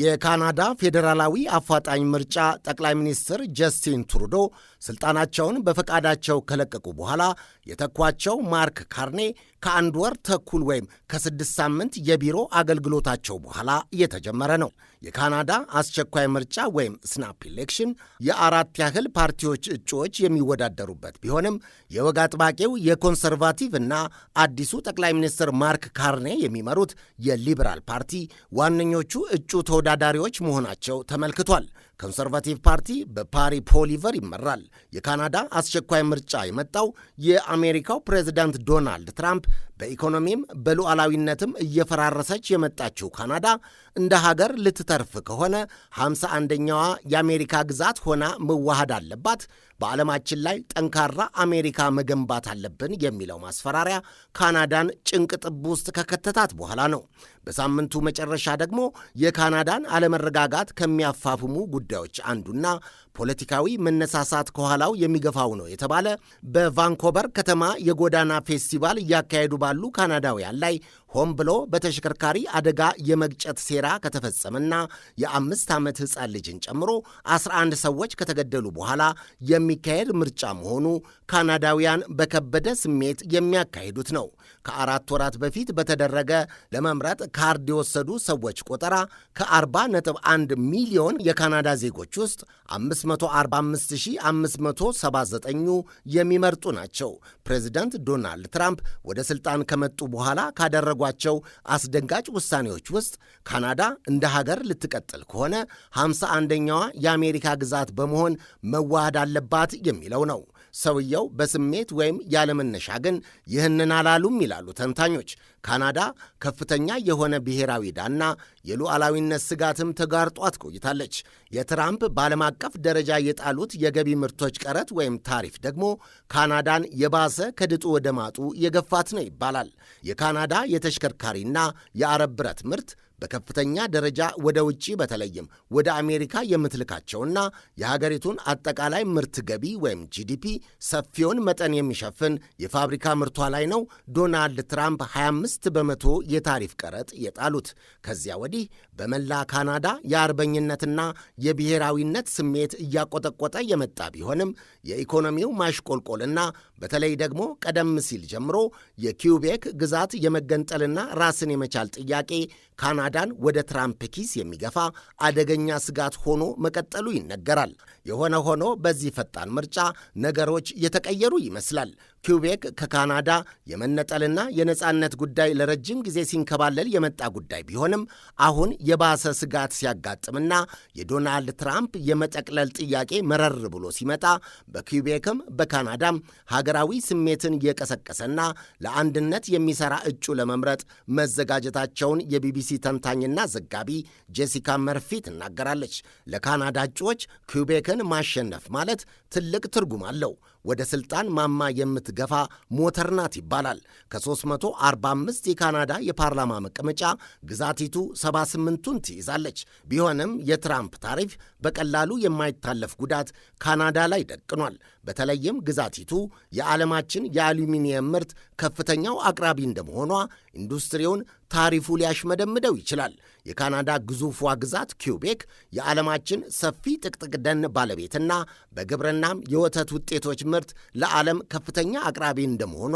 የካናዳ ፌዴራላዊ አፋጣኝ ምርጫ ጠቅላይ ሚኒስትር ጀስቲን ትሩዶ ስልጣናቸውን በፈቃዳቸው ከለቀቁ በኋላ የተኳቸው ማርክ ካርኔ ከአንድ ወር ተኩል ወይም ከስድስት ሳምንት የቢሮ አገልግሎታቸው በኋላ እየተጀመረ ነው። የካናዳ አስቸኳይ ምርጫ ወይም ስናፕ ኢሌክሽን የአራት ያህል ፓርቲዎች እጩዎች የሚወዳደሩበት ቢሆንም የወግ አጥባቂው የኮንሰርቫቲቭ እና አዲሱ ጠቅላይ ሚኒስትር ማርክ ካርኔ የሚመሩት የሊበራል ፓርቲ ዋነኞቹ እጩ ተወዳዳሪዎች መሆናቸው ተመልክቷል። ኮንሰርቫቲቭ ፓርቲ በፓሪ ፖሊቨር ይመራል። የካናዳ አስቸኳይ ምርጫ የመጣው የአሜሪካው ፕሬዝዳንት ዶናልድ ትራምፕ በኢኮኖሚም በሉዓላዊነትም እየፈራረሰች የመጣችው ካናዳ እንደ ሀገር ልትተርፍ ከሆነ 51ኛዋ የአሜሪካ ግዛት ሆና መዋሃድ አለባት፣ በዓለማችን ላይ ጠንካራ አሜሪካ መገንባት አለብን የሚለው ማስፈራሪያ ካናዳን ጭንቅ ጥብ ውስጥ ከከተታት በኋላ ነው። በሳምንቱ መጨረሻ ደግሞ የካናዳን አለመረጋጋት ከሚያፋፍሙ ጉዳዮች አንዱና ፖለቲካዊ መነሳሳት ከኋላው የሚገፋው ነው የተባለ በቫንኮቨር ከተማ የጎዳና ፌስቲቫል እያካሄዱ ባሉ ካናዳውያን ላይ ሆን ብሎ በተሽከርካሪ አደጋ የመግጨት ሴራ ከተፈጸመና የአምስት ዓመት ሕፃን ልጅን ጨምሮ 11 ሰዎች ከተገደሉ በኋላ የሚካሄድ ምርጫ መሆኑ ካናዳውያን በከበደ ስሜት የሚያካሂዱት ነው። ከአራት ወራት በፊት በተደረገ ለመምረጥ ካርድ የወሰዱ ሰዎች ቆጠራ ከ40.1 ሚሊዮን የካናዳ ዜጎች ውስጥ 545579ኙ የሚመርጡ ናቸው። ፕሬዚደንት ዶናልድ ትራምፕ ወደ ሥልጣን ከመጡ በኋላ ካደረጉ ከሚያደርጓቸው አስደንጋጭ ውሳኔዎች ውስጥ ካናዳ እንደ ሀገር ልትቀጥል ከሆነ ሃምሳ አንደኛዋ የአሜሪካ ግዛት በመሆን መዋሃድ አለባት የሚለው ነው። ሰውየው በስሜት ወይም ያለመነሻ ግን ይህንን አላሉም ይላሉ ተንታኞች። ካናዳ ከፍተኛ የሆነ ብሔራዊ ዕዳና የሉዓላዊነት ስጋትም ተጋርጧት ቆይታለች። የትራምፕ በዓለም አቀፍ ደረጃ የጣሉት የገቢ ምርቶች ቀረጥ ወይም ታሪፍ ደግሞ ካናዳን የባሰ ከድጡ ወደ ማጡ የገፋት ነው ይባላል። የካናዳ የተሽከርካሪና የአረብ ብረት ምርት በከፍተኛ ደረጃ ወደ ውጪ በተለይም ወደ አሜሪካ የምትልካቸውና የሀገሪቱን አጠቃላይ ምርት ገቢ ወይም ጂዲፒ ሰፊውን መጠን የሚሸፍን የፋብሪካ ምርቷ ላይ ነው ዶናልድ ትራምፕ 25 በመቶ የታሪፍ ቀረጥ የጣሉት። ከዚያ ወዲህ በመላ ካናዳ የአርበኝነትና የብሔራዊነት ስሜት እያቆጠቆጠ የመጣ ቢሆንም የኢኮኖሚው ማሽቆልቆልና በተለይ ደግሞ ቀደም ሲል ጀምሮ የኪውቤክ ግዛት የመገንጠልና ራስን የመቻል ጥያቄ ካና ማዳን ወደ ትራምፕ ኪስ የሚገፋ አደገኛ ስጋት ሆኖ መቀጠሉ ይነገራል። የሆነ ሆኖ በዚህ ፈጣን ምርጫ ነገሮች የተቀየሩ ይመስላል። ኪውቤክ ከካናዳ የመነጠልና የነጻነት ጉዳይ ለረጅም ጊዜ ሲንከባለል የመጣ ጉዳይ ቢሆንም አሁን የባሰ ስጋት ሲያጋጥምና የዶናልድ ትራምፕ የመጠቅለል ጥያቄ መረር ብሎ ሲመጣ በኪውቤክም በካናዳም ሀገራዊ ስሜትን የቀሰቀሰና ለአንድነት የሚሰራ እጩ ለመምረጥ መዘጋጀታቸውን የቢቢሲ ተንታኝና ዘጋቢ ጄሲካ መርፊ ትናገራለች። ለካናዳ እጩዎች ኪውቤክን ማሸነፍ ማለት ትልቅ ትርጉም አለው። ወደ ስልጣን ማማ የምትገፋ ሞተር ናት ይባላል። ከ345 የካናዳ የፓርላማ መቀመጫ ግዛቲቱ 78ቱን ትይዛለች። ቢሆንም የትራምፕ ታሪፍ በቀላሉ የማይታለፍ ጉዳት ካናዳ ላይ ደቅኗል። በተለይም ግዛቲቱ የዓለማችን የአሉሚኒየም ምርት ከፍተኛው አቅራቢ እንደመሆኗ ኢንዱስትሪውን ታሪፉ ሊያሽመደምደው ይችላል። የካናዳ ግዙፏ ግዛት ኪውቤክ የዓለማችን ሰፊ ጥቅጥቅ ደን ባለቤትና በግብርናም የወተት ውጤቶች ምርት ለዓለም ከፍተኛ አቅራቢ እንደመሆኗ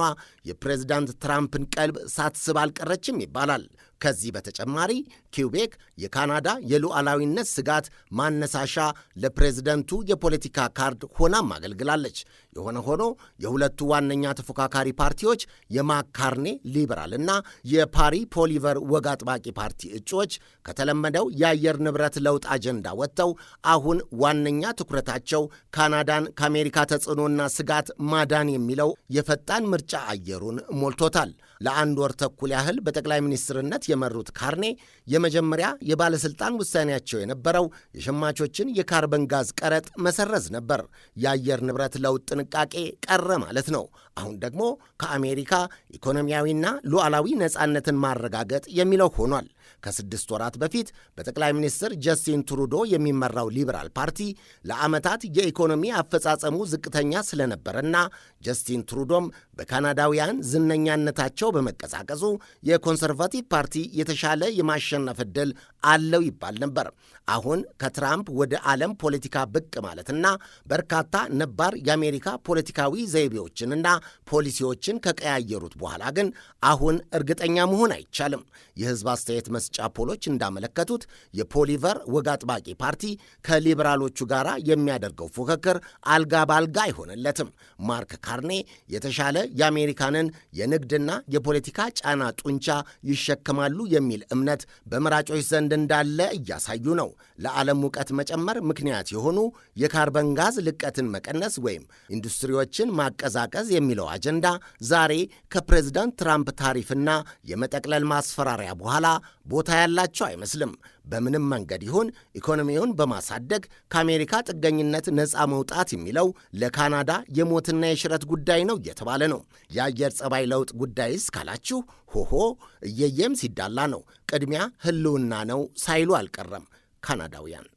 የፕሬዝዳንት ትራምፕን ቀልብ ሳትስብ አልቀረችም ይባላል። ከዚህ በተጨማሪ ኪውቤክ የካናዳ የሉዓላዊነት ስጋት ማነሳሻ ለፕሬዝደንቱ የፖለቲካ ካርድ ሆናም አገልግላለች። የሆነ ሆኖ የሁለቱ ዋነኛ ተፎካካሪ ፓርቲዎች የማካርኔ ሊበራል እና የፓሪ ፖሊቨር ወግ አጥባቂ ፓርቲ እጩዎች ከተለመደው የአየር ንብረት ለውጥ አጀንዳ ወጥተው አሁን ዋነኛ ትኩረታቸው ካናዳን ከአሜሪካ ተጽዕኖና ስጋት ማዳን የሚለው የፈጣን ምርጫ አየሩን ሞልቶታል። ለአንድ ወር ተኩል ያህል በጠቅላይ ሚኒስትርነት የመሩት ካርኔ የመጀመሪያ የባለሥልጣን ውሳኔያቸው የነበረው የሸማቾችን የካርበን ጋዝ ቀረጥ መሰረዝ ነበር። የአየር ንብረት ለውጥ ጥንቃቄ ቀረ ማለት ነው። አሁን ደግሞ ከአሜሪካ ኢኮኖሚያዊና ሉዓላዊ ነጻነትን ማረጋገጥ የሚለው ሆኗል። ከስድስት ወራት በፊት በጠቅላይ ሚኒስትር ጀስቲን ትሩዶ የሚመራው ሊበራል ፓርቲ ለዓመታት የኢኮኖሚ አፈጻጸሙ ዝቅተኛ ስለነበረና ጀስቲን ትሩዶም በካናዳውያን ዝነኛነታቸው በመቀሳቀሱ የኮንሰርቫቲቭ ፓርቲ የተሻለ የማሸነፍ ዕድል አለው ይባል ነበር። አሁን ከትራምፕ ወደ ዓለም ፖለቲካ ብቅ ማለትና በርካታ ነባር የአሜሪካ ፖለቲካዊ ዘይቤዎችንና ፖሊሲዎችን ከቀያየሩት በኋላ ግን አሁን እርግጠኛ መሆን አይቻልም። የህዝብ አስተያየት መስጫ ፖሎች እንዳመለከቱት የፖሊቨር ወግ አጥባቂ ፓርቲ ከሊበራሎቹ ጋር የሚያደርገው ፉክክር አልጋ ባልጋ አይሆንለትም። ማርክ ካርኔ የተሻለ የአሜሪካንን የንግድና የፖለቲካ ጫና ጡንቻ ይሸከማሉ የሚል እምነት በመራጮች ዘንድ እንዳለ እያሳዩ ነው። ለዓለም ሙቀት መጨመር ምክንያት የሆኑ የካርበን ጋዝ ልቀትን መቀነስ ወይም ኢንዱስትሪዎችን ማቀዛቀዝ የሚል የሚለው አጀንዳ ዛሬ ከፕሬዚዳንት ትራምፕ ታሪፍና የመጠቅለል ማስፈራሪያ በኋላ ቦታ ያላቸው አይመስልም። በምንም መንገድ ይሁን ኢኮኖሚውን በማሳደግ ከአሜሪካ ጥገኝነት ነፃ መውጣት የሚለው ለካናዳ የሞትና የሽረት ጉዳይ ነው እየተባለ ነው። የአየር ጸባይ ለውጥ ጉዳይስ ካላችሁ ሆሆ እየየም ሲዳላ ነው። ቅድሚያ ህልውና ነው ሳይሉ አልቀረም ካናዳውያን።